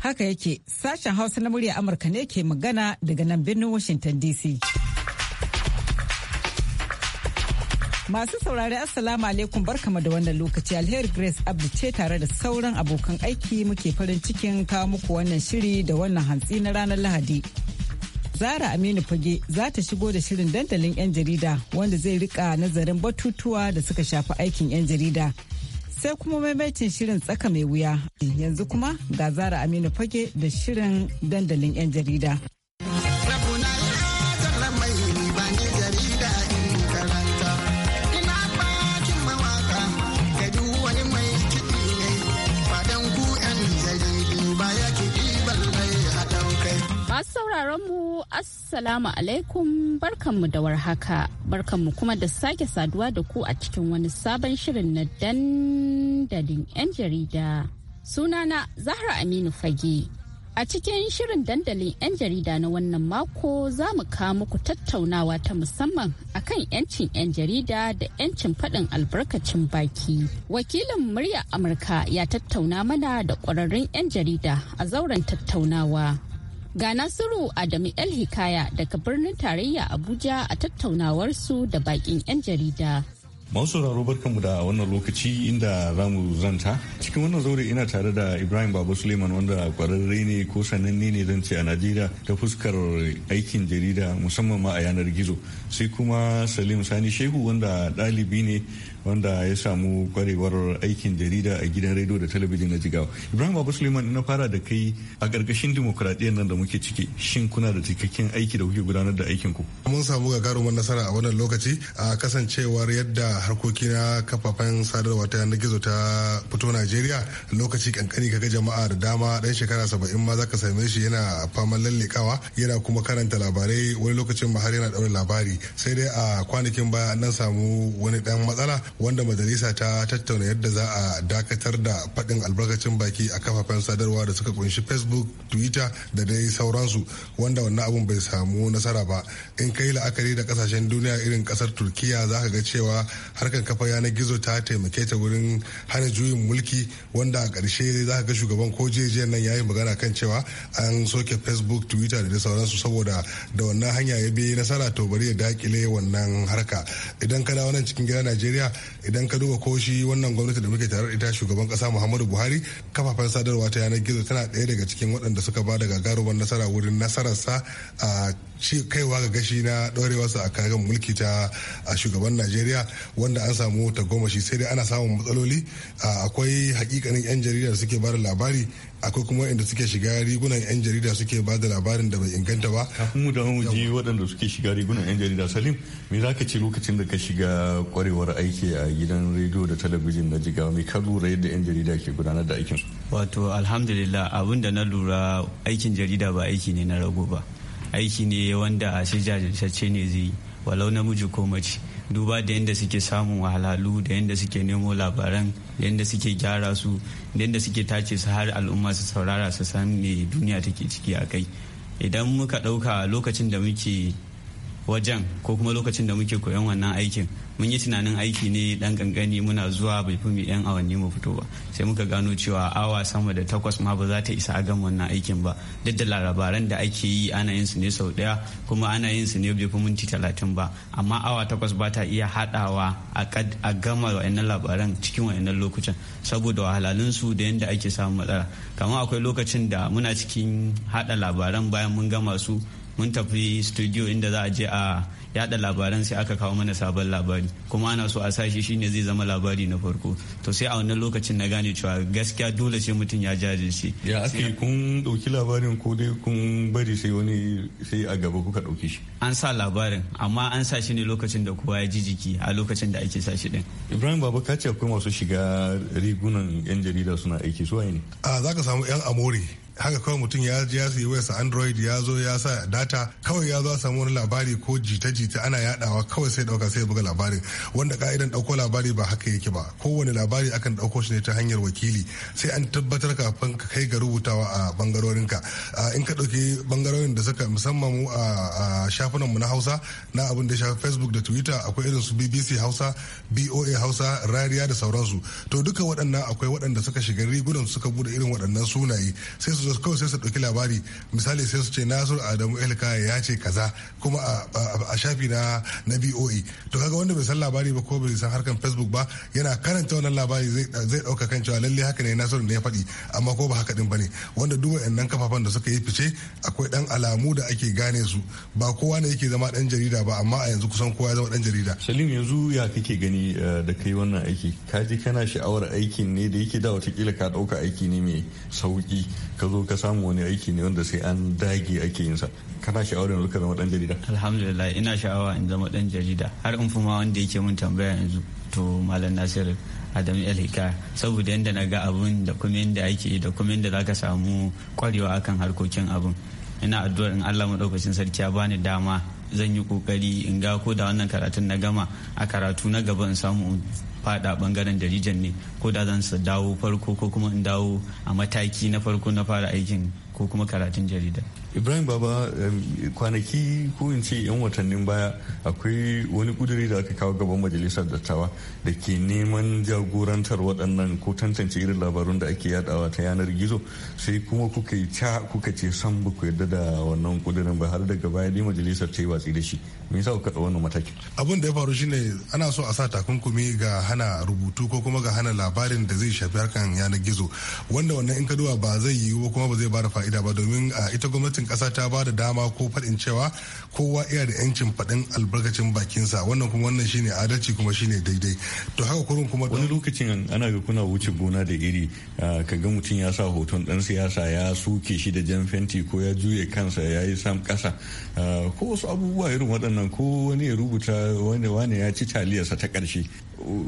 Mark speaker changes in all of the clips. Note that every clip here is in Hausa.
Speaker 1: Haka yake sashen Hausa na murya Amurka ne ke magana daga nan birnin Washington DC. Masu saurari Assalamu alaikum barkama da wannan lokaci alheri Grace Abdu ce tare da sauran abokan aiki muke farin cikin kawo muku wannan shiri da wannan hantsi na ranar Lahadi. Zara Aminu Fage za ta shigo da shirin dandalin 'yan jarida wanda zai rika nazarin batutuwa da suka shafi aikin 'yan jarida. Sai kuma maimaitin shirin tsaka mai wuya. Yanzu kuma ga Zara Aminu Fage da shirin dandalin 'yan jarida.
Speaker 2: Masu sauraron mu Assalamu alaikum barkanmu da warhaka barkanmu kuma da sake saduwa da ku a cikin wani sabon shirin na dandalin 'yan jarida. Sunana Zahra Aminu Fage. A cikin shirin dandalin 'yan jarida na wannan mako za mu kawo muku tattaunawa ta musamman a kan 'yancin 'yan jarida da 'yancin faɗin albarkacin baki. Wakilin murya Amurka ya tattauna mana da ƙwararrun 'yan jarida a zauren tattaunawa. Ga Nasiru Adamu El Hikaya daga birnin tarayya Abuja a tattaunawar su da bakin 'yan jarida.
Speaker 3: Masu sauraro barkanmu da wannan lokaci inda zamu zanta. Cikin wannan zaure ina tare da Ibrahim babu Suleiman wanda kwararre ne ko sananne ne zan a Najeriya ta fuskar aikin jarida musamman ma a yanar gizo. Sai kuma Salim Sani Shehu wanda ɗalibi ne wanda ya samu kwarewar aikin jarida a gidan rediyo da talabijin na jigawa ibrahim abu suleiman na fara da kai a ƙarƙashin dimokuraɗiyyar nan da muke ciki shin kuna da cikakken aiki da kuke gudanar da aikin ku
Speaker 4: mun samu gagarumar nasara a wannan lokaci a kasancewar yadda harkoki na kafafen sadarwa ta yanar gizo ta fito najeriya lokaci kankani kaga jama'a da dama dan shekara saba'in ma zaka same shi yana faman lallekawa yana kuma karanta labarai wani lokacin ma har yana ɗaure labari sai dai a kwanakin baya an samu wani ɗan matsala wanda majalisa ta tattauna yadda za a dakatar da faɗin albarkacin baki a kafafen sadarwa da suka kunshi facebook twitter da dai sauransu wanda wannan abun bai samu nasara ba in kai la'akari da kasashen duniya irin kasar turkiya za ka ga cewa harkar kafa yanar gizo ta taimake ta wurin hana juyin mulki wanda a ƙarshe za ka ga shugaban ko jejiyar nan ya yi magana kan cewa an soke facebook twitter da dai sauransu saboda da wannan hanya ya bi nasara to bari ya dakile wannan harka idan kana wannan cikin gida najeriya idan ka duba koshi wannan gwamnati da muke tare ita shugaban kasa muhammadu buhari kafafen sadarwa ta yanar gizo tana ɗaya daga cikin waɗanda suka ba da gagarumar nasara wurin nasararsa a kaiwa ga gashi na ɗorewarsa a kagan mulki ta a shugaban najeriya wanda an samu tagomashi sai dai ana samun matsaloli akwai hakikanin yan jarida da suke ba da labari akwai kuma inda suke shiga rigunan yan jarida suke ba da labarin da bai inganta ba
Speaker 3: kafin mu da mu ji waɗanda suke shiga rigunan yan jarida salim me za ka ce lokacin da ka shiga kwarewar aiki a gidan rediyo da talabijin na jigawa mai ka lura yadda yan jarida ke gudanar da aikin
Speaker 5: wato alhamdulillah abin da na lura aikin jarida ba aiki ne na rago ba aiki ne wanda a shi jajirtacce ne zai walau namiji ko mace duba da yadda suke samun wahalhalu da yadda suke nemo labaran da yadda suke gyara su da yadda suke tace su har al'umma su saurara su san me duniya take ciki a kai idan muka ɗauka lokacin da muke wajen ko kuma lokacin da muke koyon wannan aikin mun yi tunanin aiki ne dan gangani muna zuwa bai fi mu yan awanni mu fito ba sai muka gano cewa awa sama da takwas ma ba za ta isa a gama wannan aikin ba duk da labaran da ake yi ana yin su ne sau daya kuma ana yin su ne bai fi minti talatin ba amma awa takwas ba ta iya haɗawa a gama wa'annan labaran cikin wa'annan lokacin saboda wahalhalun su da yadda ake samun matsala kamar akwai lokacin da muna cikin haɗa labaran bayan mun gama su mun tafi studio inda za a je a yada labaran sai aka kawo mana sabon labari kuma ana so a sashi shine zai zama labari na farko to sai a wannan lokacin na gane cewa gaskiya dole sai mutum ya jajirce ya ake
Speaker 3: kun dauki labarin ko dai kun bari sai wani sai a gaba kuka dauki shi
Speaker 5: an sa labarin amma an sa shi ne lokacin da kowa ya ji jiki a lokacin da ake
Speaker 3: sa shi din ibrahim baba ka akwai masu shiga rigunan yan jarida suna aiki su ne
Speaker 4: a ah, zaka samu yan amore haka kawai mutum ya je ya sayi wayarsa android ya zo ya sa data kawai ya zo a samu wani labari ko jita-jita ana yadawa kawai sai dauka sai buga labarin wanda ka'idan dauko labari ba haka yake ba kowane labari akan dauko shi ne ta hanyar wakili sai an tabbatar kafin ka kai ga rubutawa a bangarorin ka in ka dauki bangarorin da suka musamman mu a shafunan mu na Hausa na abin da shafi Facebook da Twitter akwai irin su BBC Hausa BOA Hausa Rariya da sauransu to duka waɗannan akwai waɗanda suka shiga rigunan suka bude irin waɗannan sunaye sai su su kawai sai su ɗauki labari misali sai su ce nasiru adamu elka ya ce kaza kuma a shafi na na boe to kaga wanda bai san labari ba ko bai san harkan facebook ba yana karanta wannan labari zai ɗauka kan cewa lalle haka ne nasiru ne ya faɗi amma ko ba haka din ba ne wanda duk waɗannan kafafan da suka yi fice akwai ɗan alamu da ake gane su ba kowa ne yake zama ɗan jarida ba amma a yanzu kusan kowa ya zama ɗan jarida.
Speaker 3: salim yanzu ya kake gani eh, da kai wannan aiki ka kana sha'awar aikin ne da yake da watakila ka ɗauka aiki ne mai sauki ka zo ka samu wani aiki ne wanda sai an dage ake yin sa kana sha'awar yanzu ka zama dan jarida alhamdulillah
Speaker 5: ina sha'awa in zama dan jarida har in fuma wanda yake mun tambaya yanzu to malam nasiru adam hikaya saboda yadda na ga abun da kuma yadda ake da kuma yadda za ka samu kwarewa akan harkokin abun ina addu'ar in allah maɗaukacin sarki ya bani dama zan yi kokari in ga ko da wannan karatun na gama a karatu na gaba in samu faɗa ɓangaren jaridan ne ko da zan su dawo farko ko kuma in dawo a mataki na farko na fara aikin ko kuma karatun
Speaker 3: jarida ibrahim baba kwanaki ko in ce yan watannin baya akwai wani kuduri da aka kawo gaban majalisar dattawa da ke neman jagorantar waɗannan ko tantance irin labarun da ake yadawa ta yanar gizo sai kuma kuka yi ta kuka ce san ba ku yarda da wannan kudurin ba har daga baya ne majalisar ta yi watsi da shi me yasa kuka wannan matakin
Speaker 4: abin da ya faru shine ana so a sa takunkumi ga hana rubutu ko kuma ga hana labarin da zai shafi harkan yanar gizo wanda wannan in ka duba ba zai yiwu kuma ba zai bada fa'ida ba domin ita gwamnati. gwamnatin kasa ta ba da dama ko faɗin cewa kowa iya da yancin faɗin albarkacin bakinsa wannan kuma wannan shine adalci kuma shine
Speaker 3: daidai to haka kurun kuma wani lokacin ana ga kuna wuce gona da iri ka ga mutum ya sa hoton dan siyasa ya suke shi da jan fenti ko ya juye kansa ya yi sam kasa ko wasu abubuwa irin waɗannan ko wani ya rubuta wani wani ya ci taliyarsa ta karshe.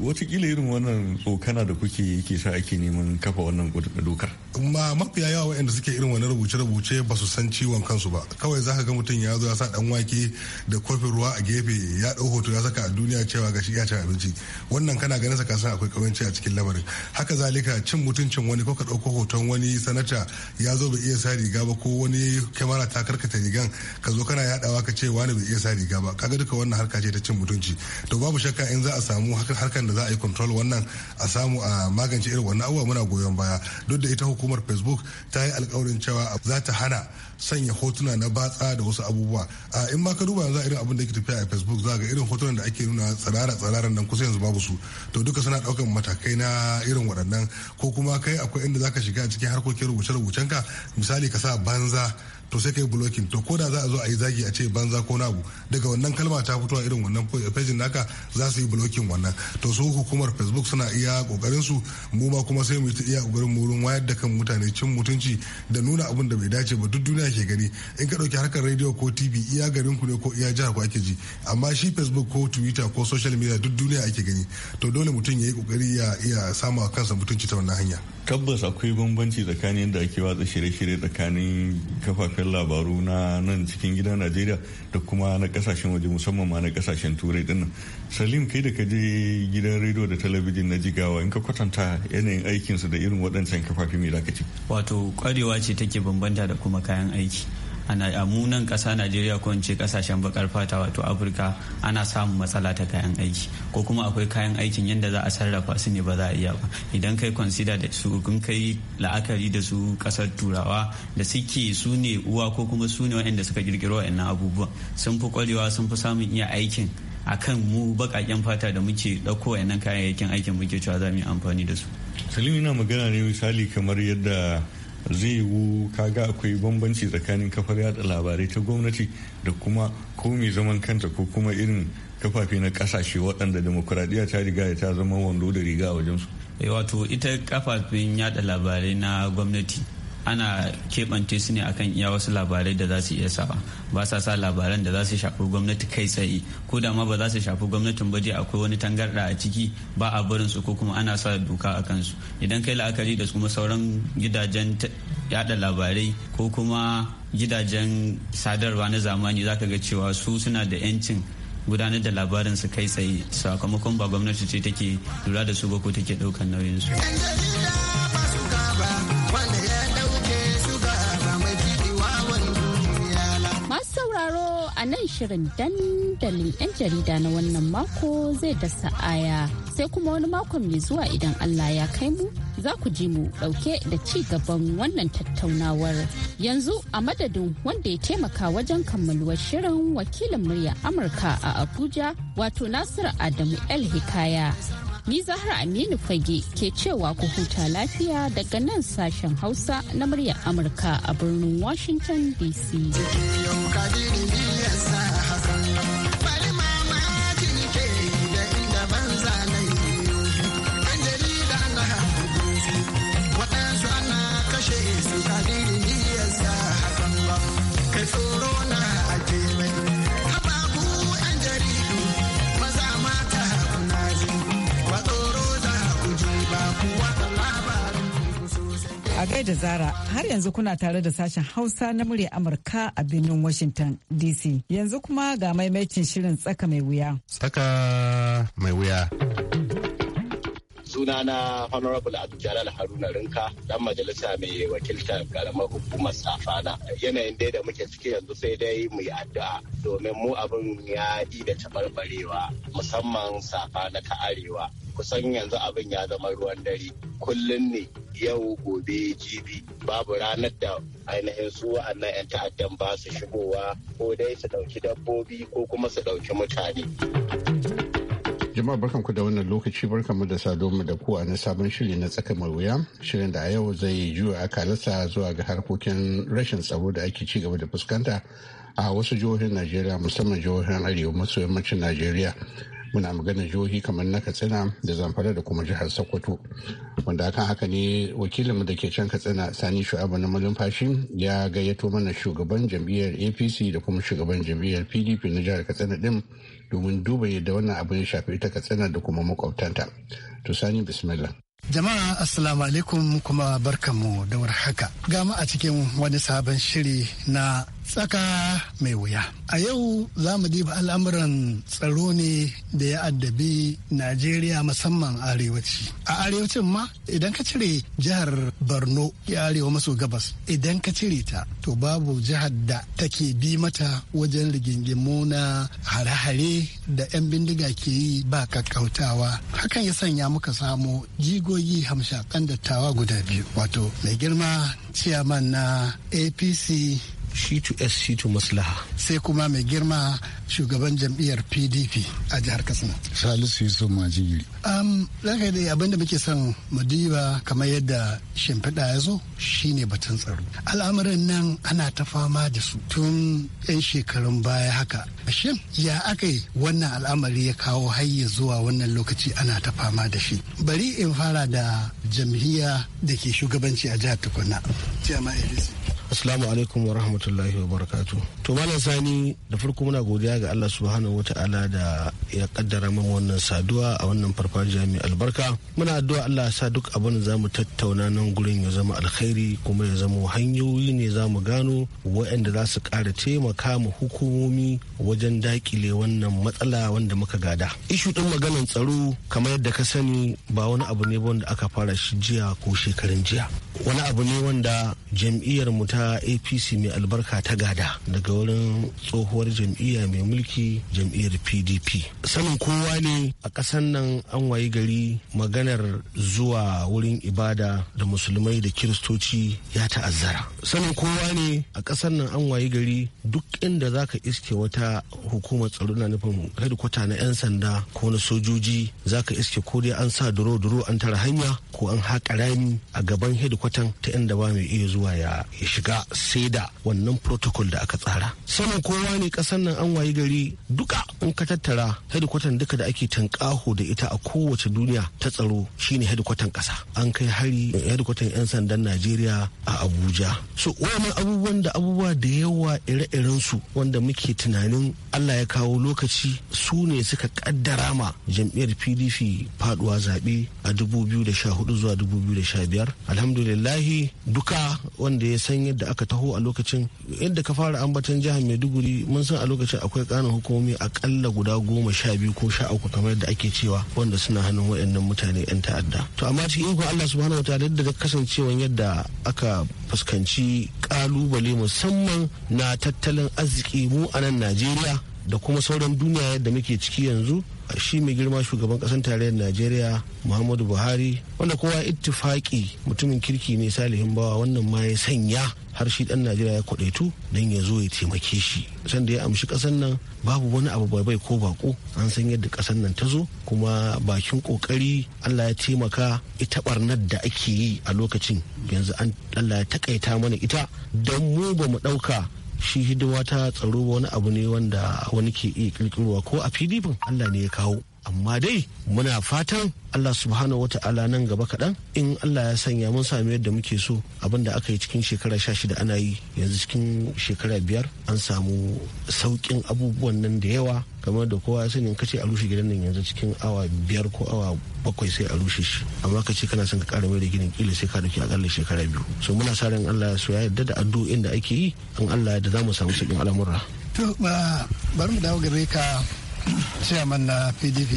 Speaker 3: watakila irin wannan tsokana da kuke yake sa ake neman kafa wannan dokar
Speaker 4: ma mafiya yawa waɗanda suke irin wani rubuce-rubuce ba su san ciwon kansu ba kawai zaka ga mutum ya zo ya sa dan wake da kofin ruwa a gefe ya dau hoto ya saka a duniya cewa ga shi ya cin abinci wannan kana ganin sa ka san akwai kawanci a cikin lamarin haka zalika cin mutuncin wani ko ka dauko hoton wani sanata ya zo bai iya sa riga ba ko wani kyamara ta karkata rigan ka zo kana yadawa ka ce wani bai iya sa riga ba kaga duka wannan harka ce ta cin mutunci to babu shakka in za a samu haka harkar da za a yi control wannan a samu a magance irin wannan abubuwa muna goyon baya duk da ita hukumar facebook ta yi alkawarin cewa za ta hana sanya hotuna na batsa da wasu abubuwa a in ma ka duba yanzu irin abin da ke tafiya a facebook za ga irin hotunan da ake nuna tsirara tsiraran nan kusa yanzu babu su to duka suna daukan matakai na irin waɗannan ko kuma kai akwai inda za ka shiga a cikin harkokin rubuce-rubucen ka misali ka sa banza to sai kai blocking to da za a zo a yi zagi a ce banza ko na abu daga wannan kalma ta fito a irin wannan page naka za su yi blocking wannan to su hukumar facebook suna iya kokarin su mu ma kuma sai mu ta iya kokarin mu wurin wayar da kan mutane cin mutunci da nuna abin da bai dace ba duk duniya ke gani in ka dauki harkar radio ko tv iya garin ku ne ko iya jihar ku ake ji amma shi facebook ko twitter ko social media duk duniya ake gani to dole mutum ya yi kokari ya iya samu kansa mutunci ta wannan hanya
Speaker 3: tabbas akwai bambanci tsakanin da ake watsa shirye-shirye tsakanin kafafen labaru na nan cikin gida najeriya da kuma na kasashen waje musamman ma na kasashen turai dinnan salim kai da ka je gidan rediyo da talabijin na jigawa in ka kwatanta yanayin aikinsu da irin waɗancan kafafen mai dakaci wato kwarewa ce take bambanta da kuma kayan aiki a munan kasa najeriya
Speaker 5: ko in ce ƙasashen bakar fata wato afirka ana samun matsala ta kayan aiki ko kuma akwai kayan aikin yadda za a sarrafa su ne ba za a iya ba idan kai consider da su kun kai la'akari da su kasar turawa da suke su ne uwa ko kuma su ne wa'anda suka kirkiro waɗannan abubuwan sun fi ƙwarewa sun fi samun iya aikin akan mu baƙaƙen fata da muke ɗauko
Speaker 3: waɗannan kayayyakin aikin muke cewa za mu yi amfani da su. salim yana magana ne misali kamar yadda zai yiwu kaga akwai bambanci tsakanin kafar yada labarai ta gwamnati da kuma ko mai zaman kanta ko kuma irin kafafe na kasashe waɗanda demokuraɗiyya ta riga ya ta zama wando da riga a wajensu.
Speaker 5: Eh, wato ita kafafen yada labarai na gwamnati ana keɓance su ne akan iya wasu labarai da za su iya saba ba sa sa labaran da za su shafi gwamnati kai tsaye ko da ma ba za su shafi gwamnatin ba je akwai wani tangarɗa a ciki ba a barin su ko kuma ana sa doka a kansu idan kai la'akari da kuma sauran gidajen yada labarai ko kuma gidajen sadarwa na zamani zaka ga cewa su suna da 'yancin gudanar da labarin su kai tsaye sakamakon ba gwamnati ce take lura da su ba ko take daukan nauyin su.
Speaker 2: nan shirin dandalin 'yan jarida na wannan mako zai da sa'aya sai kuma wani mako mai zuwa idan Allah ya kai mu za ku ji mu dauke da ci gaban wannan tattaunawar yanzu a madadin wanda ya taimaka wajen kammaluwar shirin wakilin murya amurka a abuja wato nasiru adamu el hikaya Ni zahar Aminu Fage ke cewa ku huta lafiya daga nan sashen Hausa na muryar Amurka a birnin Washington DC.
Speaker 6: Kai tsoro na
Speaker 1: da Zara har yanzu kuna tare da sashen Hausa na murya Amurka a birnin Washington DC. Yanzu kuma ga maimacin shirin tsaka mai wuya.
Speaker 7: Tsaka mai wuya.
Speaker 8: Sunana Honorable Abdul Haruna Rinka dan majalisa mai wakiltar karamar hukumar Safana. Yanayin dai da muke ciki yanzu sai dai mu yi addu'a domin mu abin ya da tabarbarewa musamman Safana ta Arewa. kusan yanzu abin ya zama ruwan dare kullum ne yau gobe jibi babu ranar da ainihin su wa'annan 'yan ta'addan ba su shigowa ko dai su ɗauki dabbobi ko kuma su ɗauki mutane.
Speaker 7: jama'a barkanku da wannan lokaci mu da mu da ku a na sabon shiri na tsaka mai wuya shirin da a yau zai yi juya kalasa zuwa ga harkokin rashin tsaro da ake ci gaba da fuskanta a wasu jihohin najeriya musamman jihohin arewa maso yammacin najeriya muna magana jihohi kamar na katsina da zamfara da kuma jihar sokoto wanda akan haka ne wakilinmu da ke can katsina sani shu'abu na malumfashi ya gayyato mana shugaban jam'iyyar apc da kuma shugaban jam'iyyar pdp na jihar katsina din domin duba yadda wannan abu ya shafi ita katsina da kuma makwabtanta to sani bismillah
Speaker 9: Jama'a Assalamu alaikum kuma barkanmu da warhaka. Gama a cikin wani sabon shiri na tsaka mai wuya. A yau za mu diba al'amuran tsaro ne da ya addabi Najeriya musamman arewaci. A arewacin ma idan ka cire jihar Borno ya arewa maso gabas idan ka cire ta to babu jihar da take bi mata wajen rigingimu na hare-hare da 'yan bindiga ke yi ba kakkautawa. Hakan ya sanya muka samu jigogi hamshakan dattawa guda biyu wato mai girma ciyaman na APC Shitu 2 s shi maslaha sai kuma mai girma shugaban jam'iyyar pdp
Speaker 10: a jihar katsina salisu yusuf majigiri
Speaker 9: um, zaka da abinda muke son madiba kamar yadda shimfiɗa ya zo shine batun tsaro al'amarin nan ana ta fama da su tun 'yan shekarun baya haka shin ya aka yi wannan al'amari ya kawo hayya zuwa wannan lokaci ana ta fama da shi bari in fara da jam'iyya da ke shugabanci a jihar tukuna jama'a
Speaker 8: Assalamu alaikum wa rahmatullahi wa barakatu.
Speaker 9: To malam sani
Speaker 8: da farko muna godiya ga Allah subhanahu wa ta'ala da ya kaddara mana wannan saduwa a wannan farfajiya mai albarka. Muna addu'a Allah sa duk abin da zamu tattauna nan gurin ya zama alkhairi kuma ya zama hanyoyi ne zamu gano waɗanda za su ƙara taimaka ma hukumomi wajen dakile wannan matsala wanda muka gada. Ishu din maganan tsaro kamar yadda ka sani ba wani abu ne ba wanda aka fara shi jiya ko shekarun jiya. Wani abu ne wanda jam'iyyar mu ta A apc mai albarka ta gada daga wurin tsohuwar jam'iyya mai mulki jam'iyyar pdp sanin kowa ne a ƙasan nan an wayi gari maganar zuwa wurin ibada da musulmai da kiristoci ya ta'azzara sanin kowa ne a ƙasan nan an wayi gari duk inda za ka iske wata hukumar tsaro na nufin hedikwata na 'yan sanda ko na sojoji za ka iske ko dai an sa duro-duro an tara hanya ko an haƙa rami a gaban hedikwatan ta inda ba mai iya zuwa ya shiga shiga sai da wannan protocol da aka tsara sanin kowa ne kasan nan an wayi gari duka in ka tattara hedikwatan duka da ake tankaho da ita a kowace duniya ta tsaro shine hedikwatan kasa an kai hari hedikwatan yan sandan najeriya a abuja so wani abubuwan da abubuwa da yawa ire-iren su wanda muke tunanin allah ya kawo lokaci su ne suka kaddara ma jam'iyyar pdp faduwa zaɓe a 2014 zuwa 2015 alhamdulillahi duka wanda ya sanya yadda aka taho a lokacin yadda ka fara ambaton jihar maiduguri mun san a lokacin akwai ƙanan hukumomi akalla guda goma sha biyu ko sha uku kamar yadda ake cewa wanda suna hannun waɗannan mutane 'yan ta'adda to amma cikin ikon allah subhanahu wata yadda kasancewan yadda aka fuskanci ƙalubale musamman na tattalin arziki mu a nan najeriya da kuma sauran duniya yadda muke ciki yanzu shi mai girma shugaban kasan tarayyar najeriya muhammadu buhari wanda kowa ittifaki mutumin kirki ne salihin bawa wannan ma ya sanya har shi dan najeriya ya kwadaitu don ya zo ya taimake shi sanda ya amshi kasan nan babu wani abu bai bai ko bako an san yadda kasan nan ta zo kuma bakin kokari allah ya taimaka ita barnar da ake yi a lokacin yanzu allah ya takaita mana ita don mu ba mu dauka shi hidima ta tsaro wani abu ne wanda wani ke iya kirkirowa ko a pdp allah ne ya kawo amma dai muna fatan Allah subhanahu wa ta'ala nan gaba kaɗan in Allah ya sanya mun sami yadda muke so abin da aka yi cikin shekara sha shida ana yi yanzu cikin shekara biyar an samu sauƙin abubuwan nan da yawa kamar da kowa ya sani kace a rushe gidan nan yanzu cikin awa biyar ko awa bakwai sai a rushe shi amma kace kana son ka ƙara mai da ginin kila sai ka dauki akalla shekara biyu so muna sa ran Allah ya so ya yarda da addu'o'in da ake yi in Allah ya da za mu samu sauƙin al'amura
Speaker 9: to bari mu dawo gare ka chairman na pdp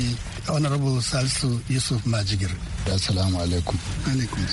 Speaker 9: honorable salisu
Speaker 10: yusuf majigir assalamu alaikum alaikum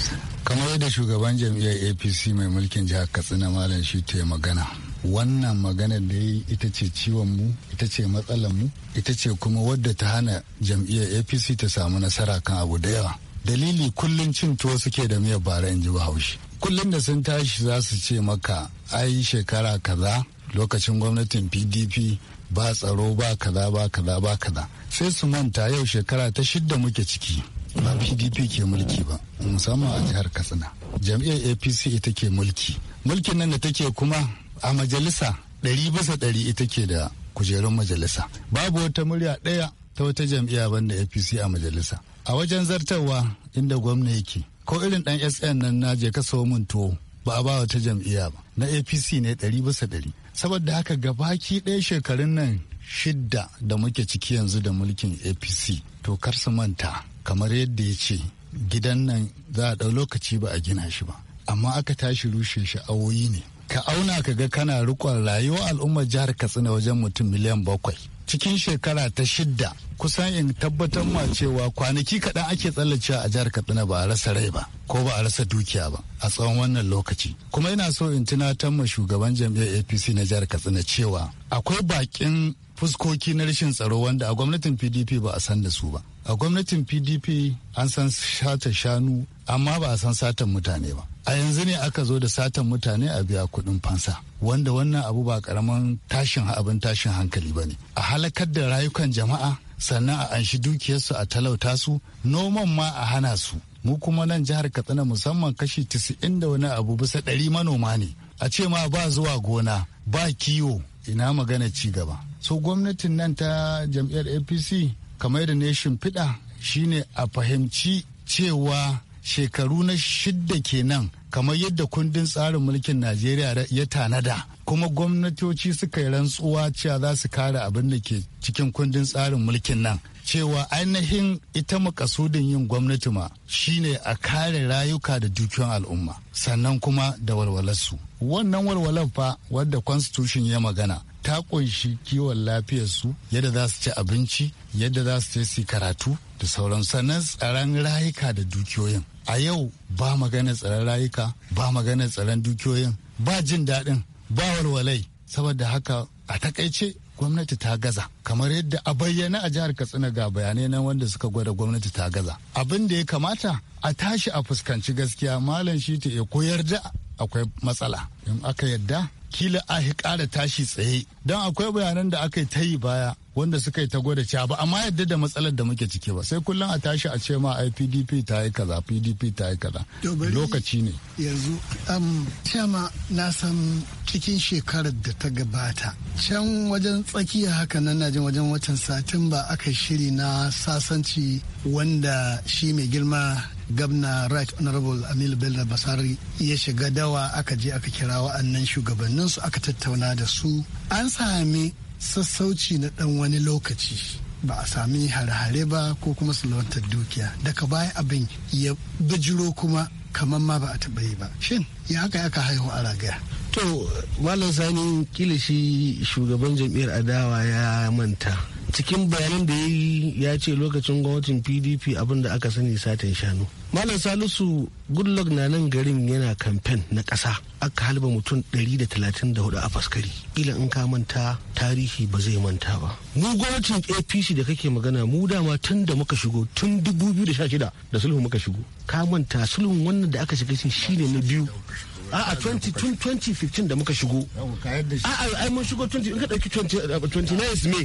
Speaker 10: kamar yadda shugaban jam'iyyar apc mai mulkin jihar katsina malam shi ta magana wannan magana da yi ita ce ciwon mu ita ce matsalar mu ita ce kuma wadda ta hana jam'iyyar apc ta samu nasara kan abu da yawa dalili kullum cin tuwo suke da miyar bara in ji bahaushe kullum da sun tashi za su ce maka ai shekara kaza lokacin gwamnatin pdp ba tsaro ba kaza ba kaza ba kaza sai su manta yau shekara ta shidda muke ciki ba pdp ke mulki ba musamman a jihar katsina jam'iyyar apc ita ke mulki mulkin nan da take kuma a majalisa ɗari bisa ɗari ita ke da kujerun majalisa babu wata murya ɗaya ta wata jam'iyya banda apc a majalisa a wajen zartarwa inda gwamna yake ko irin ɗan sn nan na je ka mun tuwo ba a ba wata jam'iyya ba na apc ne ɗari bisa ɗari saboda haka gabaki ɗaya shekarun nan shidda da muke ciki yanzu da mulkin apc to kar su manta kamar yadda ya ce gidan nan za a ɗau lokaci ba a gina shi ba amma aka tashi rushe shi awoyi ne ka auna ka ga kana rikon rayuwar al'ummar jihar katsina wajen mutum miliyan bakwai cikin shekara ta shidda kusan in tabbatar ma cewa kwanaki kaɗan ake tsallacewa a jihar katsina ba a rasa rai ba ko ba a rasa dukiya ba a tsawon wannan lokaci kuma ina so in tunatar ma shugaban jam'iyyar apc na jihar katsina cewa akwai bakin fuskoki na rashin tsaro wanda a gwamnatin pdp ba a san da su ba a gwamnatin pdp an san shata shanu amma ba a san satan mutane ba a yanzu ne aka zo da satan mutane a biya kuɗin fansa wanda wannan abu ba karaman tashin abin tashin hankali ba ne a halakar da rayukan jama'a sannan a anshi dukiyarsu a talauta su noman ma a hana su mu kuma nan jihar katsina musamman kashi 90 da wani abu bisa ɗari manoma ne a ce ma ba zuwa gona ba kiwo ina magana ci gaba so gwamnatin nan ta jam'iyyar apc kamar da ne shimfiɗa shine a fahimci cewa shekaru na shidda kenan kamar yadda kundin tsarin mulkin najeriya ya tanada kuma gwamnatoci suka yi rantsuwa cewa za su kare abin da ke cikin kundin tsarin mulkin nan cewa ainihin ita makasudin yin gwamnati ma shine a kare rayuka da dukiyar al'umma sannan kuma da walwalarsu wannan walwalar fa wadda constitution ya magana ta kunshi kiwon lafiyarsu yadda za su ci abinci yadda za su je karatu da sauran sannan tsaron rayuka da dukiyoyin a yau ba magana tsaron rayuka ba magana tsaron dukiyoyin ba jin daɗin ba walwalai saboda haka a takaice gwamnati ta gaza kamar yadda a bayyana a jihar katsina ga bayanai na wanda suka gwada gwamnati ta gaza abin da ya kamata a tashi a fuskanci gaskiya malam shi ta koyar da akwai matsala in aka yarda kila a ƙara tashi tsaye don akwai bayanan da aka yi ta yi baya wanda suka yi ta gwada cewa ba amma yadda da matsalar da muke ciki ba sai kullum a tashi a ce ma ai pdp ta yi kaza pdp ta yi kaza lokaci ne
Speaker 9: yanzu am um, tema na san cikin shekarar da ta gabata can wajen tsakiya haka nan na jin wajen watan satumba aka shiri na sasanci wanda shi mai girma gabna right honorable amil bello basari ya shiga dawa aka je aka kira wa'annan su aka tattauna da su an sami sassauci na ɗan wani lokaci ba a sami hare-hare ba ko kuma salwantar dukiya daga baya abin ya bijiro kuma kamar ma ba a taɓa yi ba shin ya haka ya haihu a ragaya
Speaker 8: to malam sani kila shi shugaban jam'iyyar adawa ya manta cikin bayanan da ya yi ya ce lokacin gwamnatin pdp abin da aka sani satin shanu malam salisu goodluck na nan garin yana kamfen na ƙasa aka halba mutum 134 a faskari Ila in ka manta tarihi ba zai manta ba mu gwamnatin apc da kake magana mu dama tun da muka shigo tun 2016 da sulhu muka shigo ka manta sulhun wannan da aka shiga shi ne na biyu a a 2015 da muka shigo
Speaker 10: a a ai
Speaker 8: mun shigo 20 in ka dauki 29 uh, May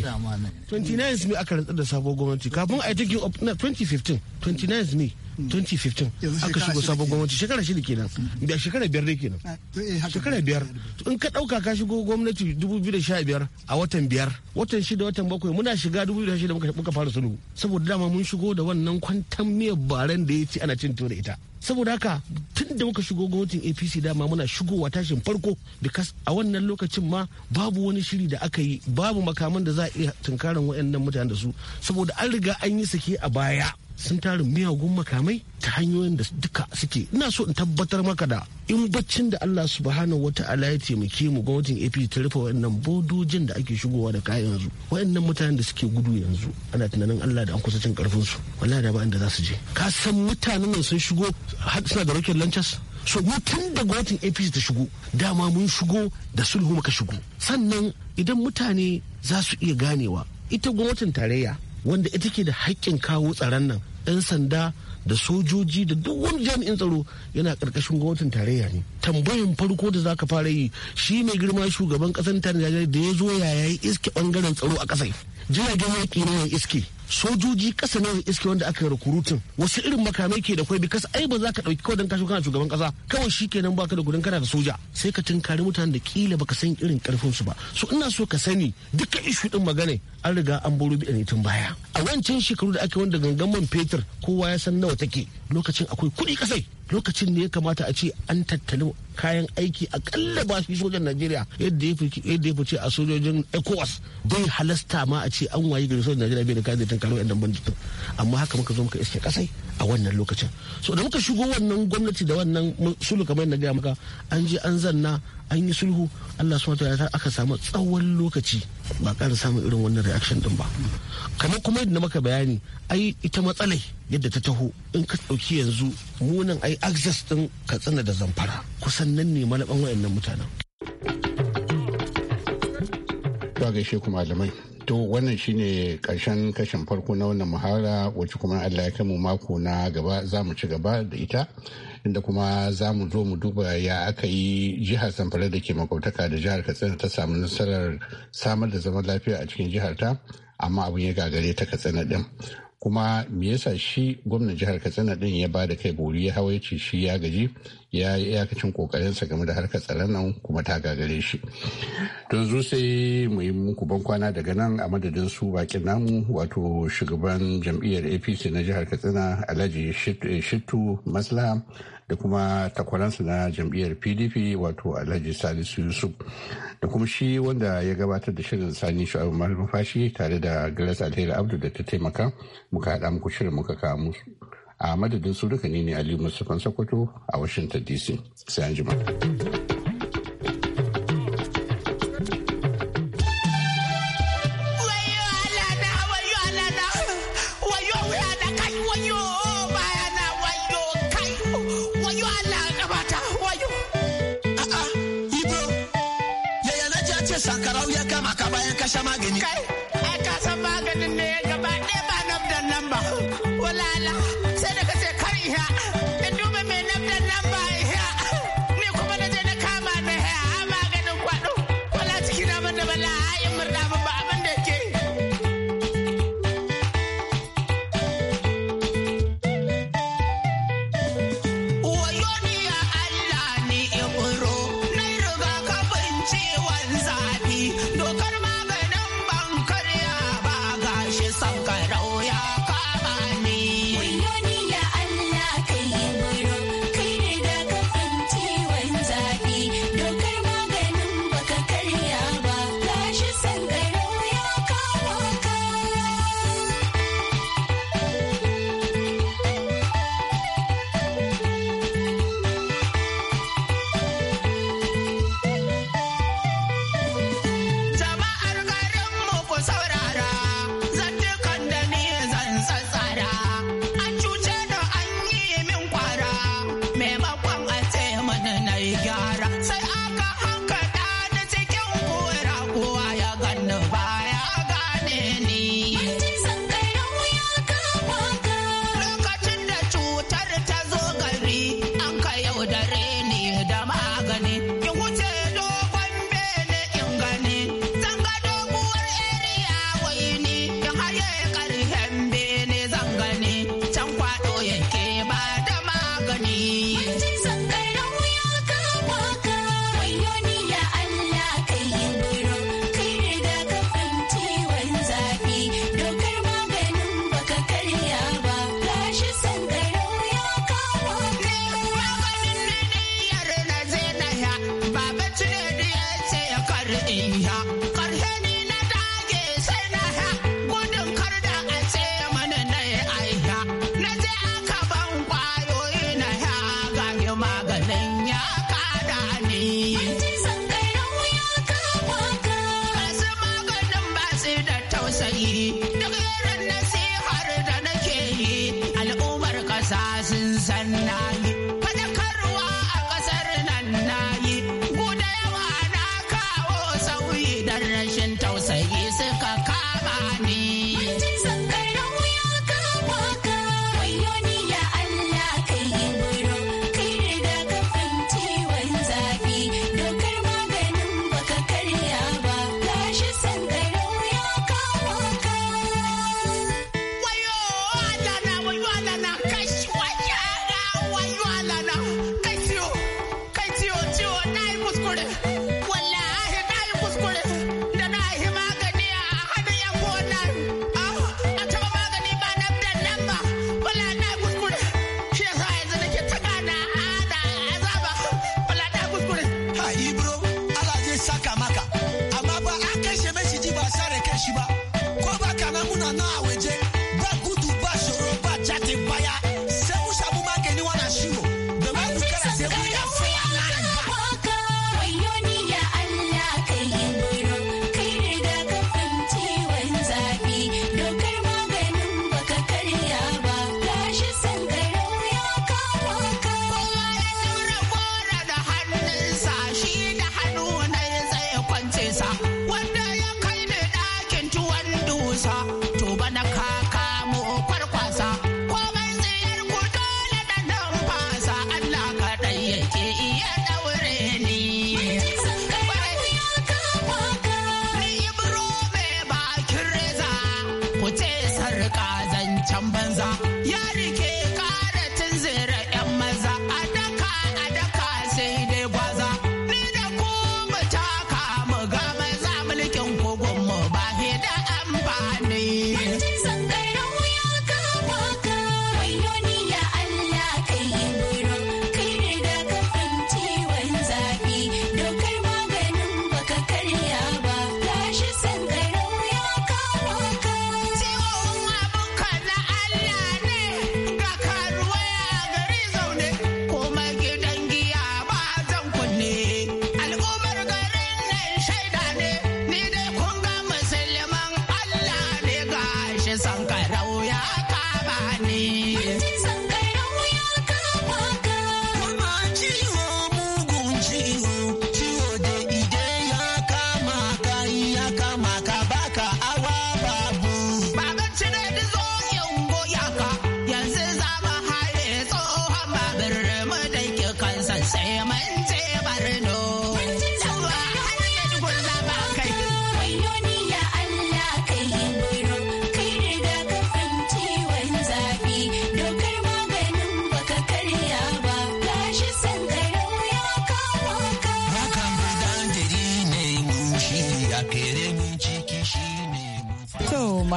Speaker 8: 29 May aka rantsar da sabon gwamnati kafin ai take up na 2015 29 May 2015 hmm. aka shigo sabon gwamnati shekara shida kenan hmm. da shekara biyar ah, eh, ne kenan shekara biyar in ka dauka ka shigo gwamnati 2015 a watan biyar watan shida watan bakwai muna shiga 2016 muka fara sulhu saboda dama mun shigo da wannan kwantan miyar baran da ya ci ana cin tura ita saboda haka tun da muka shigo gwamnatin apc dama muna shigowa tashin farko bikas a wannan lokacin ma babu wani shiri da aka yi babu makaman da za a iya tunkarin waɗannan mutane da su saboda an riga an yi sake a baya sun tarin miyagun makamai ta hanyoyin da duka suke ina so in tabbatar maka da in baccin da Allah subhanahu wata'ala ya taimake mu gwamnatin AP ta rufe wayannan bodojin da ake shigowa da kayan yanzu wayannan mutanen da suke gudu yanzu ana tunanin Allah da an kusa cin karfin su wallahi da ba inda za su je ka san mutanen nan sun shigo har suna da rocket launchers so mu da gwamnatin apc ta shigo dama mun shigo da sulhu muka shigo sannan idan mutane za su iya ganewa ita gwamnatin tarayya wanda ita ke da haƙƙin kawo tsaron nan 'yan sanda da sojoji da duk wani jami'in tsaro yana karkashin gwamnatin tarayya ne tambayin farko da zaka fara yi shi mai girma shugaban kasan tarayya da ya zo yaya iske bangaren tsaro a kasai jiragen yaƙi ne mai iske sojoji kasa nawa iske wanda aka yi rukurutun wasu irin makamai ke da kwai bikas ai ba za ka ɗauki kawai dan kashi kana shugaban kasa kawai shi ba ka da gudun kana da soja sai ka tunkari mutanen da kila baka san irin karfin su ba so ina so ka sani duka ishu din magana an riga an buru bi ne tun baya a wancan shekaru da ake wanda gangan man fetur kowa ya san nawa take lokacin akwai kuɗi kasai lokacin ne ya kamata a ce an tattali kayan aiki kalla ba shi sojan najeriya yadda ya fice a sojojin ecowas bai halasta ma a ce an wayi gari sojan najeriya bai da kayan da tankaro yan damban amma haka muka zo muka iske kasai a wannan lokacin so da muka shigo wannan gwamnati da wannan sulhu kamar na gaya maka an je an zanna an yi sulhu Allah subhanahu wa aka samu tsawon lokaci ba ƙara samun irin wannan reaction din ba kamar kuma yadda maka bayani ai ita matsalai yadda ta taho in ka ɗauki yanzu munan ai access din katsina da zamfara kusan
Speaker 7: nan ne malaban wayannan mutanen. Ba gaishe kuma malamai to wannan shine karshen kashin farko na wannan muhara wacce kuma allah ya mu mako na gaba za mu ci gaba da ita inda kuma za mu zo mu duba ya aka yi jihar samfara da ke makautaka da jihar katsina ta samu nasarar samar da zaman lafiya a cikin jihar ta amma abin ya gagare ta katsina din kuma me yasa shi gwamnan jihar katsina din ya ba da kai bori ya hawa ce shi ya gaji ya yi iyakacin kokarinsa game da harkar tsaron nan kuma ta gagare shi to yanzu sai mu yi muku ban kwana daga nan a madadin su bakin namu wato shugaban jam'iyyar apc na jihar katsina alhaji shittu maslaha da kuma takwaransa na jam'iyyar pdp wato alhaji salisu yusuf da kuma shi wanda ya gabatar da shirin sani shu'abu malumfashi tare da grace alheri abdu da ta taimaka muka haɗa muku shirin muka kawo musu a madadin su duka ne ne aliyu mustapha sokoto a washington dc sai an jima.